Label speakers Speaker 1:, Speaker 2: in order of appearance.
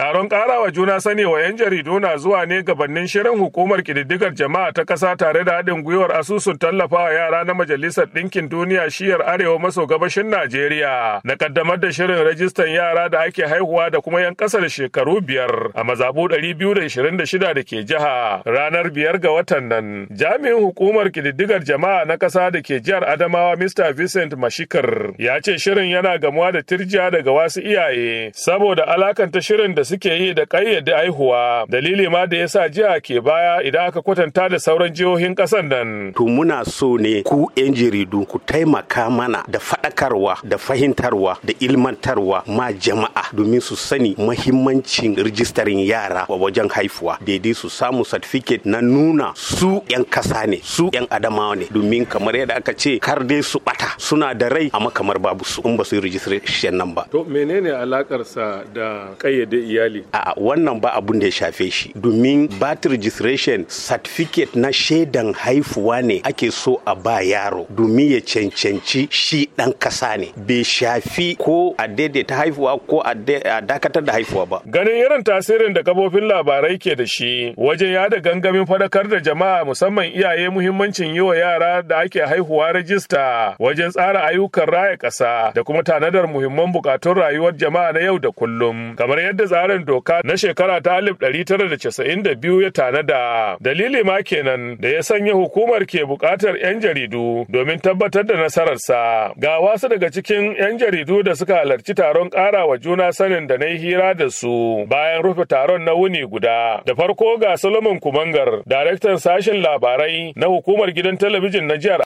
Speaker 1: Taron karawa juna sani wa 'yan jaridu na zuwa ne gabanin shirin hukumar kididdigar jama'a ta ƙasa tare da haɗin gwiwar asusun tallafawa yara na Majalisar Ɗinkin Duniya shiyar Arewa maso gabashin Najeriya na ƙaddamar da shirin rajistan yara da ake haihuwa da kuma 'yan ƙasar shekaru biyar a ɗari 226 da ke jiha ranar biyar ga watan nan. Jami'in hukumar kididdigar jama'a na ƙasa da ke jihar Adamawa Mr. Vincent Mashikar ya ce shirin yana gamuwa da tirjiya daga wasu iyaye saboda alakanta shirin da suke yi da ƙayyade aihuwa dalili ma da yasa jiha ke baya idan
Speaker 2: aka kwatanta da sauran jihohin ƙasar nan. To muna so ne ku 'yan jaridu ku taimaka mana da faɗakarwa da fahimtarwa da ilmantarwa ma jama'a domin su sani mahimmancin rijistarin yara wa wajen haifuwa daidai su samu satifiket na nuna su 'yan kasa ne su 'yan adamawa ne domin kamar yadda aka ce kar dai su bata suna da rai amma kamar babu su in ba su yi rijistarin nan ba.
Speaker 1: To menene alakarsa da
Speaker 2: ƙayyade iyali a'a wannan ba abun da ya shafe shi domin birth registration certificate na shaidan haifuwa ne ake so a ba yaro domin ya cancanci shi dan kasa ne bai shafi ko a daidaita haifuwa ko a dakatar da haifuwa ba ganin
Speaker 1: irin tasirin da kafofin labarai ke da shi wajen yada gangamin fadakar da jama'a musamman iyaye muhimmancin yi wa yara da ake haihuwa rajista wajen tsara ayyukan raya kasa da kuma tanadar muhimman bukatun rayuwar jama'a na yau da kullum kamar yadda tsarin doka na shekara ta 1992 ya tanada. Dalili ma kenan da ya sanya hukumar ke bukatar 'yan jaridu domin tabbatar da nasararsa. Ga wasu daga cikin 'yan jaridu da suka halarci taron ƙara wa juna sanin da na yi hira da su bayan rufe taron na wuni guda. Da farko ga Solomon Kumangar, daraktan sashen labarai na hukumar gidan talabijin na jihar